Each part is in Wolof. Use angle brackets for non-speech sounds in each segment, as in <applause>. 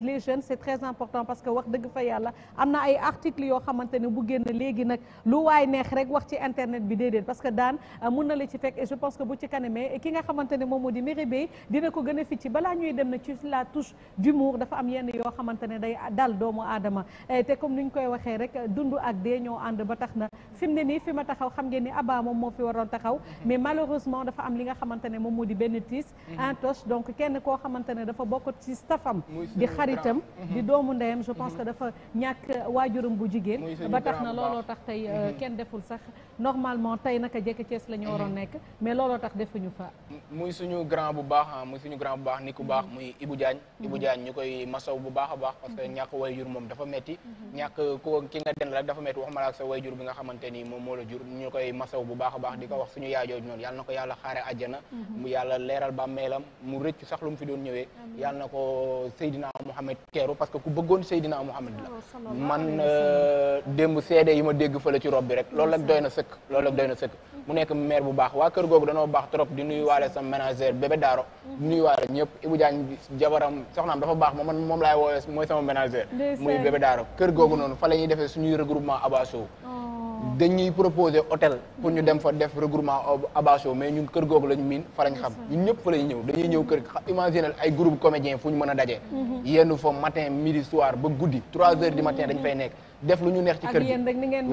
les jeunes c'est très important parce que wax dëgg fa yàlla am na ay articles yoo xamante ne bu génn léegi nag lu waay neex rek wax ci internet bi déedéet parce que daan euh, mun na la ci fekk et je pense que bu ci kanamee ki nga xamante ne moom moo di Mairie Bey dina ko gën a fi ci bala ñuy dem na ci la touche d'humour dafa am yenn yoo xamante ne day dal doomu aadama te comme ni ñu koy waxee rek dund ak dee ñoo ànd ba tax na fi mu ne nii fi a taxaw xam ngeen ni Abba moom moo fi waroon taxaw mais malheureusement dafa am li nga xamante ne moom moo di benn tiis mhm. un donc kenn koo xamante ne dafa bokk ci stafam di xaritam mhm. di doomu ndeyam je pense que dafa ñàkk waajuram bu jigéen ba tax na looloo tax tey euh, mhm. kenn deful sax normalement tey naka jekk Cees la ñu waroon nekk mais looloo tax defuñu fa muy suñu grand bu baax ah, muy suñu grand bu baax ni ku baax muy Ibou Diagne Ibou Diagne ñu koy masaw bu baax a baax parce que ñàkk waajur moom dafa metti ñàkk ko ki rek dafa metti waxuma la ak waajur bi nga xamante xamante moom moo la jur ñu koy masaw bu baax a baax di ko wax suñu yaay jooju noonu yàlla na ko yàlla xaare àjjana mm-hmm. mu yàlla leeral bàmmeelam mu rëcc sax lu mu fi doon ñëwee yàlla na ko Seydina Mouhamed teeru parce que ku bëggoon Seydina Mouhamed la oh, man euh, démb seede yi ma dégg fa la ci rob bi rek loolu rek doy na sëkk loolu rek doy mm-hmm. mu nekk maire bu baax waa kër googu danoo baax trop di nuyu waale sama ménagère bébé daaro di mm-hmm. nuyu waale ñëpp Ibou Diagne jabaram soxnaam dafa baax ma man moom laay woowee mooy sama ménagère muy bébé daaro kër googu noonu fa la ñuy defee suñuy regroupement Abasso oh. dañuy proposer hôtel pour ñu dem fa def regroupement abasio mais ñun kër googu lañ miin fa lañ xam ñu ñëpp fa lañ ñëw dañuy ñëw kër imaginel ay groupe comédien fu ñu mën a daje mhm. yenn fa matin midi soir ba guddi trois heures du matin dañ fay mhm. nekk def lu ñu neex ci kër gi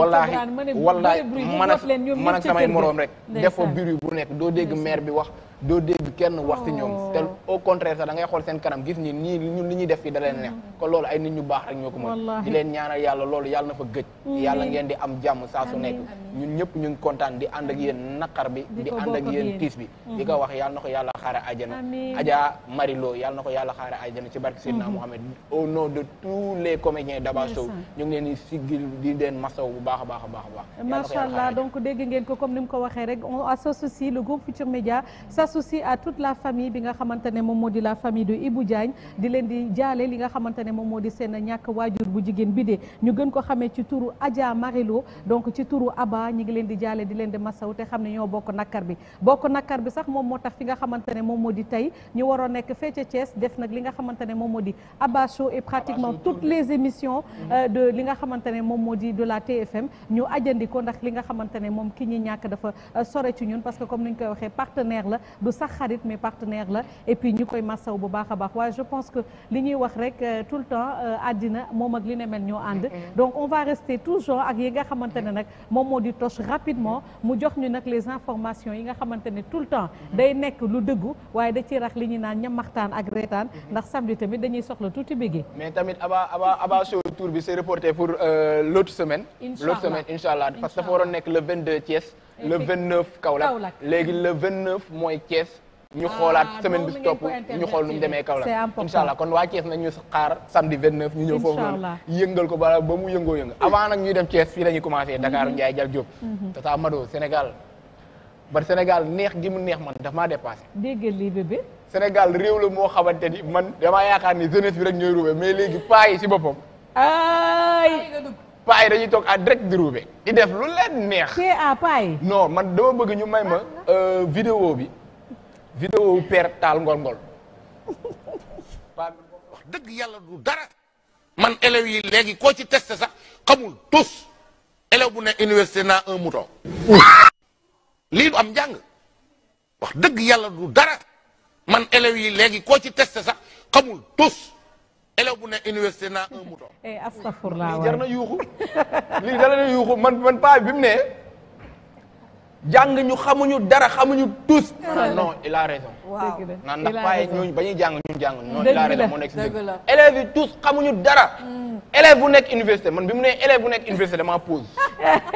wallaahi wallaahi man ak man ak samay moroom rek def fa bruit bu nekk doo dégg maire bi wax doo dégg kenn wax ci ñoom oh. te au contraire sax da xool seen kanam gis ñi nii ñun li ñuy def fii da leen neex mm-hmm. kon loolu ay nit ñu baax rek ñoo ko mën di leen ñaanal yàlla loolu yàlla na mm-hmm. ñu ngi kontaan di ànd ak yéen naqar bi di ànd ak yéen bi mm-hmm. di ko wax yàlla na ko yàlla xaare àjjana Adja Marie Lo yàlla na ko yàlla xaare àjjana ci barke Seydina Mohamed au nom de tous les comédiens d'Aba Show ñu ngi leen di siggil di leen masaw bu baax a baax a baax a baax macha allah donc dégg ngeen ko comme ni mu ko waxee rek on associe le groupe Futur Média s'associe à toute la famille bi nga xamante ne moom moo di la famille de Ibou Diagne di leen di jaale li nga xamante ne moom moo di seen ñàkk waajur bu jigéen bi de ñu gën ko xamee ci turu Adja Marilo donc ci turu Aba ñi ngi leen di jaale di leen di masaw te xam ne ñoo bokk nakkar bi bokk nakkar bi sax moom moo tax fi nga xamante ne moom moo di tey ñu waroon nekk fee ca Thiès def nag li nga xamante ne moom moo di Aba Show et les émissions mm-hmm. euh, de li nga xamante ne moom moo di de la TFM ñu ajandi ko ndax li nga xamante ne moom ki ñi ñàkk dafa euh, sore ci ñun que comme ni ñu koy waxee partenaire la du sax xarit mais partenaire la et puis ñu koy massaw bu baax a baax waaye je pense que li ñuy wax rek euh, tout le temps euh, àddina moom ak li ne mel ñoo ànd mm-hmm. donc on va rester toujours ak yi nga xamante ne nag moom moo di Toch rapidement mm-hmm. mu jox ñu nag les informations yi nga xamante ne tout le temps mm-hmm. day nekk lu dëggu waaye da ci rax li ñu naan ñamaxtaan ak reetaan ndax samedi tamit dañuy soxla tuuti bégee mais tamit aba aba aba show tour bi c'est reporté pour euh, l'autre semaine l'autre semaine que dafa waroon nekk le 22 Thiès le 29 Kaolack léegi le 29 mooy Thiès. ñu ah, xoolaat semaine bi si topp ñu xool nu demee Kaolack incha allah kon waa Thiès nag ñu xaar samedi 29 ñu ñëw foofu noonu yëngal ko ba ba mu yëngoo yëngal avant nag ñuy dem Thiès fii la ñuy commencé mhm. Dakar Ndiaye Jal Diop mhm. Tata Mado Sénégal ba Sénégal neex gi mu neex man daf ma dépassé déggal lii bébé Sénégal réew la moo xamante ni man damaa yaakaar ni jeunesse bi rek ñooy ruube mais léegi paa yi si boppam ay paa yi dañuy toog à direct di ruube di def lu leen neex. c'est à paa man dama bëgg ñu may ma. Euh, vidéo bi. vidéo wu père taal ngol-ngol. wax dëgg yàlla du dara. man élèves yi léegi koo ci testé sax xamul tous. élève bu ne université naa un mouton. lii du am njàng. wax dëgg yàlla du dara. man élèves yi léegi koo ci testé sax xamul tous. élève bu ne université naa un mouton. Eh, astafurlaa lii jar na yuuxu lii dara yuuxu man man paa bi mu ne jàng ñu xamuñu dara xamuñu tous. non il a raison. waaw naan ndax paa yi ñooñu ba ñuy jàng ñun jàng non il a raison moo nekk si dëgg élèves yi tous xamuñu dara. Mm. élève bu nekk université man bi ne élève bu nekk université damaa pause.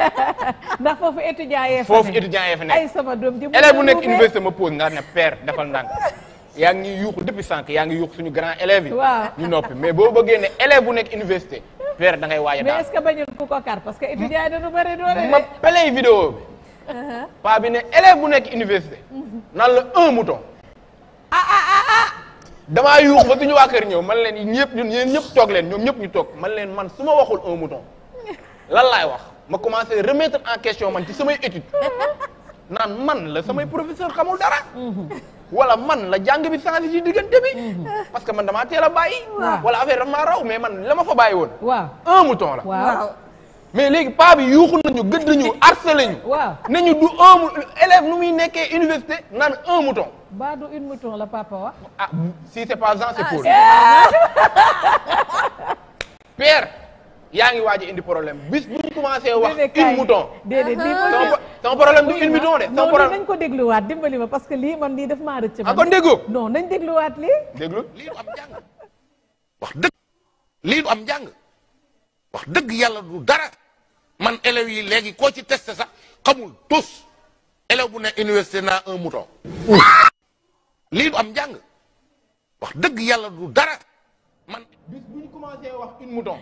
<laughs> ndax foofu étudiant yee fa nekk foofu étudiant fa nekk. ay sama doom ji élève bu nekk université ma pause nga ne père defal ndànk. <laughs> yaa ngi ñuy yuuxu depuis sànq yaa ngi yuuxu suñu grand élèves yi. waaw ñu noppi mais boo bëggee ne élève bu nekk université. père da ngay a daal mais est ce que bañul ku ko kar uh-huh. paa bi ne élève bu nekk université. Uh-huh. nan la un mouton. ah ah, ah, ah. damaa yuux ba suñu waa kër ñëw man leen ñëpp ñun yéen ñëpp toog leen ñoom ñëpp ñu toog man man su waxul un mouton. lan laay wax ma commencé remettre en question man ci samay étude <laughs> naan man la samay professeur xamul dara. Uh-huh. wala man la jàng bi changé ci diggante bi. Mm-hmm. parce que man damaa teel a bàyyi. wala affaire dafa maa raw mais man la ma fa bàyyi woon. waaw un mouton la. waaw mais léegi paa bi yuuxu nañu gëdd ñu harcelé ñu. waaw ne ñu du un élève nu muy nekkee université naan un mouton. ba du une mouton la papa wa. ah si c'est pas Jean c'est ah, Paul. père. <laughs> yaa ngi waaj indi problème bis bu ñu commencé wax. une mouton déedéet lii sama problème du une mouton de. sama problème nañ ko dégluwaat dimbali ma parce que lii man lii daf maa rëcc. ma ah, kon déggu non nañ dégluwaat lii. déglu lii du am njàng. wax dëgg lii am njàng wax dëgg yàlla du dara man élèves yi léegi koo ci testé sax xamul tous élève bu ne université naa un mouton. lii du am njàng wax dëgg yàlla du dara man. bis bu ñu commencé wax une mouton.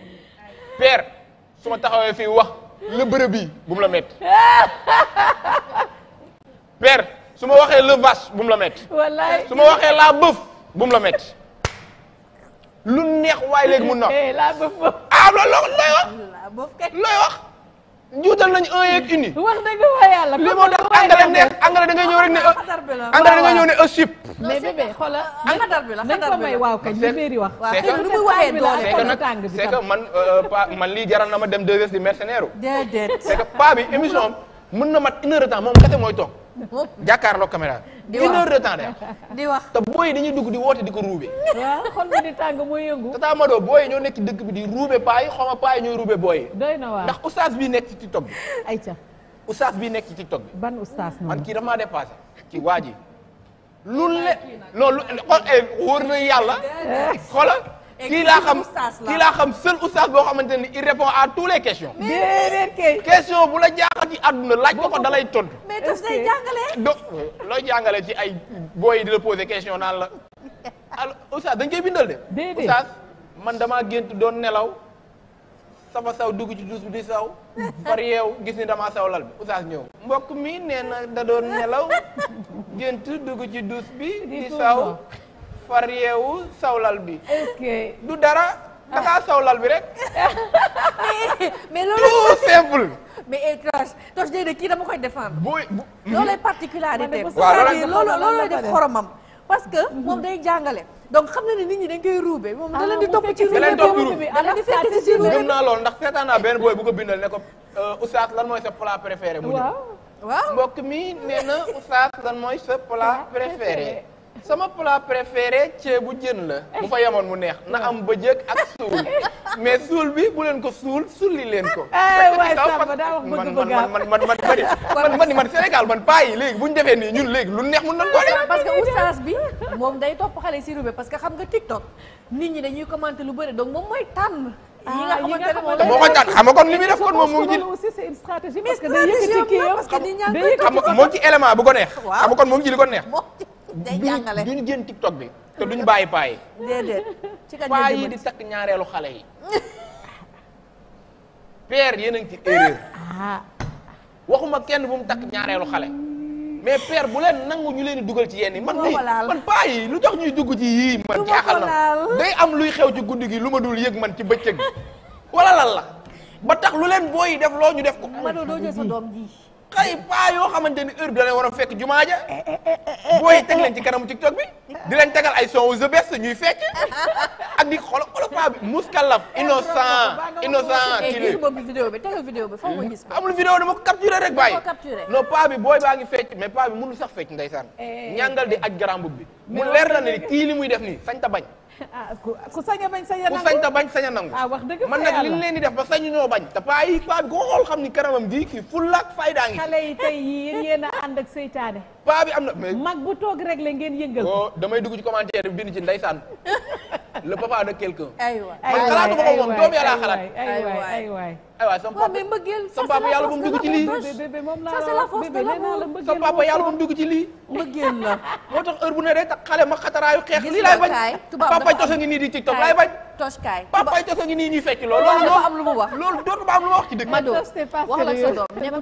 père su ma taxawee fii wax le brebis bu mu la métti <laughs> père su ma waxee le vache bu mu la métti wallaay su ma waxee la bëf bu mu la métti lu neex waaye léegi mu nopp eh, la bëf ah loolu looy wax looy wax juutal nañ un yeeg uni. wax dëgg fa yàlla. li moo tax engrais neex engrais da ngay ñëw rek ne. engrais ah, da ngay ñëw ne ësib. mais bébé xoolal. xatar bi la ah, xatar bi la waaw kañ li Béri wax. waaw xëy na nu muy waxee doole tàng bi c'est que man euh, pa man lii jaral na ma dem 2S di mercenaire. déedéet c'est que pa bi émission am mën na mat une heure de temps moom kese mooy toog. jàkkaarloo caméra bi. une heure de temps day <laughs> di wax te booy dañuy dugg di woote di ko ruube. waaw xol bi di tàng muy yëngu. te taa Mado booy yi ñoo nekk dëkk bi di ruube paa yi xaw ma ñooy ruube booy doy na waaw ndax oustaz bii nekk ci tiktok bi. ayca oustaz bii nekk ci tiktok bi. ban oustaz noonu man kii dafa maa dépassé. kii waa ji. lu le loolu eh, xool eh, wóor na yàlla. Eh. xoolal. kii laa xam kii laa xam seul oustaz boo xamante ni il répond à tous les questions. question bu la jaaxal ci àdduna laaj ko ko dalay tontu. mais daf lay jàngale. donc looy jàngale ci ay booy yi di la poser question naan la <laughs> alors oustaz dañ koy bindal de. déedéet man damaa gént doon nelaw. safa saw dugg ci duus bi di saw far yeew gis ni damaa saw lal bi oustaz ñëw mbokk mi nee na da doon nelaw <laughs> gént dugg ci duus bi di saw far yeewu sawlal bi. du dara. Ah. da ngaa sawlal bi rek. <laughs> mais loolu tout simple. mais écrage tos de kii dama koy défendre. booy bu loolay mhm. particularité. waaw loolay def mhm. xoromam. parce que moom day jàngale. donc xam na ne nit ñi dañ koy ruube moom da di topp ah, ci ruube bi da leen di fekk ci ruube gëm naa loolu ndax seetaan naa benn booy bu ko bindal ne ko euh, oustaz lan mooy sa plat préféré. mu waaw mbokk mi nee na oustaz lan mooy sa plat préféré. sama plat préféré ceebu jën la. bu fa yemoon mu neex na am bëjëg ak suul mais suul bi bu leen ko suul suuli leen ko. Eh, waay Samba daa wax bëgg bëgg man man man man man man man Sénégal man paa yi léegi bu defee nii ñun léegi lu neex mun nañu que xam nga TikTok nit ñi dañuy commenter lu bëri donc moom mooy tànn. Ah, moo ko tànn xam nga kon li muy def kon moo ko neex. waaw kon moo ngi ko neex. day jàngale duñu génn TikTok bi te duñu bàyyi paa yi. déedéet ci kan di takk ñaareelu xale yi. <laughs> père yéen a ngi ci ah. waxuma kenn bu mu takk ñaareelu xale. mais per bu leen nangu ñu leen di dugal ci yenn yi man tey man paa lu tax ñuy dugg ci yii man jaaxal na day am luy xew ci guddi gi lu ma dul yëg man ci bëccëg wala lan la ba tax lu leen booy def loo ñu def ko. ma doo jël sa doom xay paa yoo xamante ni heure bi da war a fekk jumaa ja eh, eh, eh, booy teg leen ci kanamu tiktok bi di leen tegal ay son the best ñuy fecc <laughs> ak di xoolal xoolal paa bi muskalaf innocent innocent ci li vidéo bi tegal vidéo bi foog nga gis amul vidéo dama ko capturé rek bàyyi non paa bi booy baa ngi fecc mais paa bi mënul sax fecc ndeysaan ñàngal di aj garambu bi mu leer na ne kii li muy def nii sañ ta bañ <laughs> ah ku sañ a bañ sañ a nangu ku sañ te bañ sañ a nangu. Ah, wax dëgg man nag li ñu leen di def ba sañu ñoo bañ. te paa yi paa bi ko xool xam ni kanamam gi kii fulla ak faydaa ngi. xale yi tey yéen yéen a ànd ak seytaane. paa am na mais mag bu toog rek la ngeen yëngal. Oh, damay dugg ci commentaire bi bind ci saan <laughs> le papa de quelqu'un. aywa aywa aywa aywa ko moom aywa sama papa sama papa yàlla bu mu dugg ci lii. ça c'est la force de ci lii. mbëggeel la <laughs> moo tax heure bu ne rek ma xataraayu xeex lii laay bañ. papa tos a ngi nii di tiktok laay bañ. tos kaay papa tos a ngi nii ñuy fecc loolu. loolu dafa am am lu wax ci dëkk. ma doon wax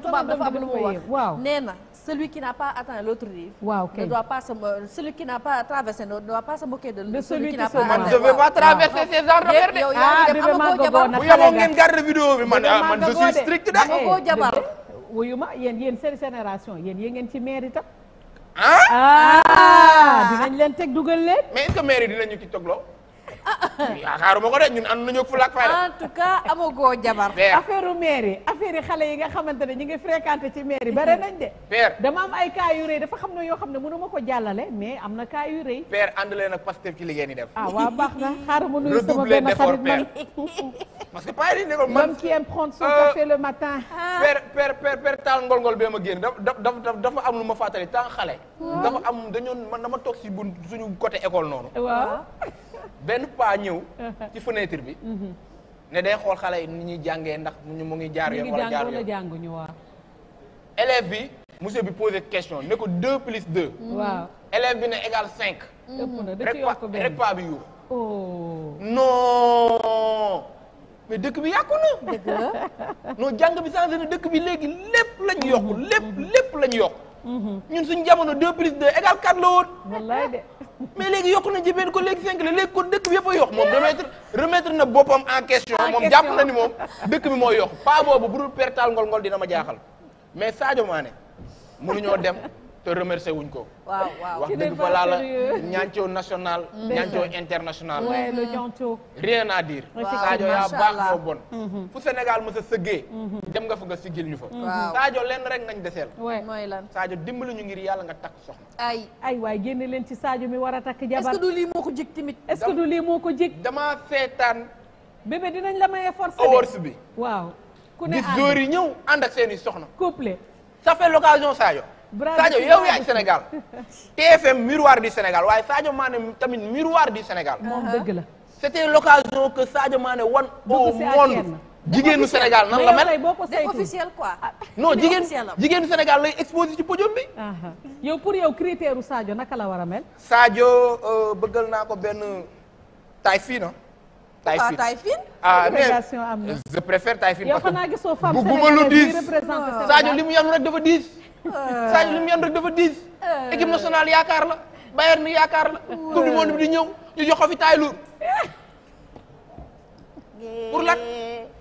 tubaab dafa am lu wax nee na. celui qui n'a pas atteint l'autre rive. waaw kay ne doit pas se celui qui n'a pas traversé ne doit pas se moquer de. de celui qui n'a pas man je vais pas traverser ces gens de. yow yaa ngi dem ngeen garde vidéo bi man man je suis strict de. amagoo jabar wuyu ma yéen yéen seen génération yéen yéen ngeen ci maire leen teg dugal leen. mais est-ce que maire yi dinañu ci togloo. <laughs> yaakaaruma ko de ñun ànd nañu fu laak fayda en tout cas amagoo jabar affaire mairie affaire yi xale yi nga xamante ne ñu ngi fréquenté ci mairie bare nañ de père dama am ay cas yu rëy dafa xam ne yoo xam ne mënu ma ko jàllale mais am na cas yu rëy père ànd leen ak Pastef ci li ngeen def ah waaw baax na <laughs> xaaruma nuyu sama benn xarit man <laughs> parce que paa yi dañu ne man qui aime prendre son euh, café le matin ah. père père père père taal ngol ngol bee ma génn dafa dafa am lu ma toog si côté école noonu benn paa ñëw. <laughs> ci fenêtre bi. Mhm. ne day xool xale yi ni ñuy jàngee ndax ñu mu ngi jaar yoon. wala jaar yoon ñu waa élève bi monsieur bi posé question ne ko 2 plus 2. Mhm. waaw élève bi ne égal 5. Mhm. ëpp na rek paa bi yuux. Oh. non mais dëkk bi yàqu na. dëgg <laughs> jàng bi changé na dëkk bi léegi lépp lañ yokku lépp lépp lañ yokku. ñun suñ jamono 2 plus 2 égal 4 la woon. mais léegi yokk na jibeen ko léegi cinq la léegi ko dëkk bi yëpp a yokk moom remettre remettre na boppam en question moom jàpp na ni moom dëkk bi moo yokk pas boobu bu dul pertaal ngol ngol dina ma jaaxal mais maane Mané mënuñoo dem te remercier wuñ ko. waaw waaw wax dëgg fa la ñaancoo national. Mm-hmm. ñaancoo international. Mm-hmm. rien à dire. Sadio yaa baax moo bon. Mm-hmm. fu Sénégal mës a sëggee. dem nga fa nga siggil ñu fa. Sadio lenn rek nañ deseel. mooy lan Sadio dimbali ñu ngir yàlla nga takk soxna. ay ay waay génne leen ci Sadio mi war a takk jabar. est-ce ko jig tamit. est du lii moo ko jig. damaa seetaan. bébé dinañ la maye force awards bi. waaw ku ne góor yi ñëw ànd ak seeni soxna. couple. ça fait Sadio yow yaay Sénégal TFM miroir du Sénégal waaye Sadio Mané tamit miroir du Sénégal. moom dëgg la. c'était l'occasion que Sadio Mané wan au monde jigéenu Sénégal nan la mel c'est officiel quoi. Ah. non jigéen jigéenu Sénégal lay exposé ci podium bi. yow pour yow critère u naka la war a mel. Sadio euh, bëggal naa ko benn taille fine ah. taille fine ah taille fine. ah mais je préfère taille fine. parce que bu bu ma lu diis Sadio li mu yanu rek Sadio li mu yan rek dafa diis. équipe nationale yaakaar la Bayern ni yaakaar la. coupe du monde bi di ñëw ñu jox ko fi taay luur. pour lan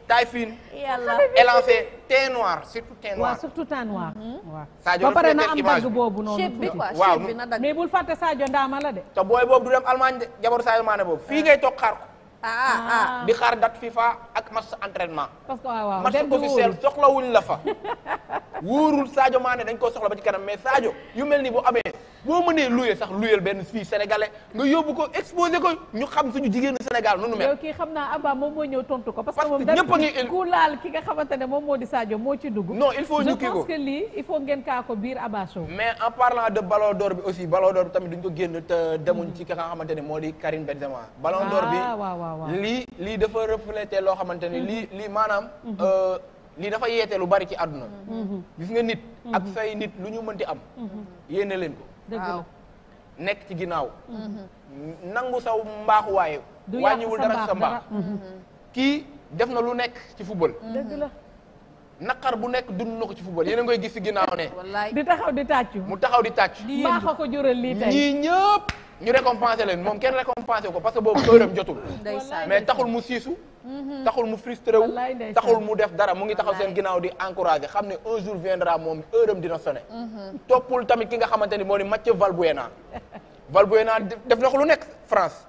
taay fiin. yàlla élancé teint noir surtout teint noir. Hmm? waaw na am dagg boobu noonu. chef bi quoi bul fàtte Sadio ndaama la de. te booy boobu du dem Allemagne de jabaru Sadio Mané boobu fii ngay toog xaar bi ah, ah. ah. xaar date FIFA ak match entraînement. parce que waaw waaw match officiel soxlawuñ la fa. <laughs> wóorul saajo Mané dañ koo soxla ba ci kanam mais Sadio yu mel ni bu amee. boo mënee luyee sax luyeel benn fii sénégale nga yóbbu ko exposé ko ñu xam suñu jigéenu Sénégal nu nu kii xam naa Abba moom mooy ñëw tontu ko. parce que moom dara ku laal ki nga xamante ne moom moo di Sadio moo ci dugg. non il faut ñu kii ko je pense que lii il faut ngeen kaa ko biir Abba Sow. mais en parlant de Ballon d'Or bi aussi Ballon bi tamit duñ ko génn te demuñ ci ki nga xamante ne moo di Karim Benzema. Ballon d'Or bi ah, lii lii dafa reflété loo xamante ne lii lii maanaam. Mhm. Euh, lii dafa yeete lu bari ci àdduna. Mhm. gis nga nit. Mhm. ak say nit lu ñu mënti am. yéene leen ko. waaw nekk ci ginnaaw. Mhm. nangu saw mbaaxu waaye. wàññiwul dara sa mbaax mhm. Mhm. kii def na lu nekk ci football. dëgg la. naqar bu nekk dund na ko ci football yéen a ngoy gis ci ginnaaw ne. di taxaw di tàccu. mu taxaw di tàccu. di yëngu ko jural lii tey ñii ñëpp. ñu récompensé leen moom kenn récompensé ko parce que boobu heure am jotul. mais taxul mu siisu. Mhm. taxul mu frustré wu taxul mu def dara mu ngi taxaw seen ginnaaw di encouragé xam ne un jour viendra moom heure am dina sonné mhm. toppul tamit ki nga xamante ni moo di Mathieu Valbuena <laughs> Valbuena def na ko lu nekk France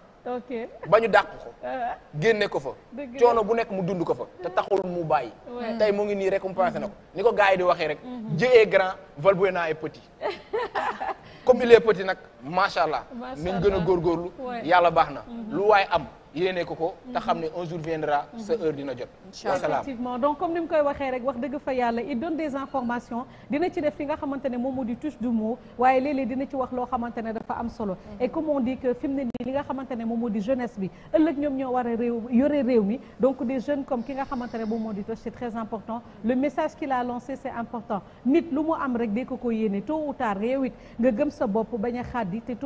ba ñu dàq ko. Ah. génne ko fa. coono bu nekk mu dund ko fa. te ah. taxul mu bàyyi. tey mu ngi nii récompensé na ko mhm. ni ko gars yi di waxee rek. jë est grand Valbuena est petit. <laughs> comme il est petit nag macha allah. nañ gën a góorgóorlu. yàlla baax na lu waay am. yéene ko ko te xam ne un jour viendra sa heure dina jot wasalaam effectivement donc comme ni mu koy waxee rek wax dëgg fa yàlla il donne des informations dina ci def li nga xamante ne moom moo di touche du mot waaye léeg-léeg dina ci wax loo xamante dafa am solo et comme on dit que fi ne nii li nga xamante ne moom moo di jeunesse bi ëllëg ñoom ñoo war a réew yore réew mi donc des jeunes comme ki nga xamante ne moom moo di Toch c'est très important le message qu'il nit lu mu am rek dee ko ko yéene tôt ou tard yow it nga gëm sa bopp bañ a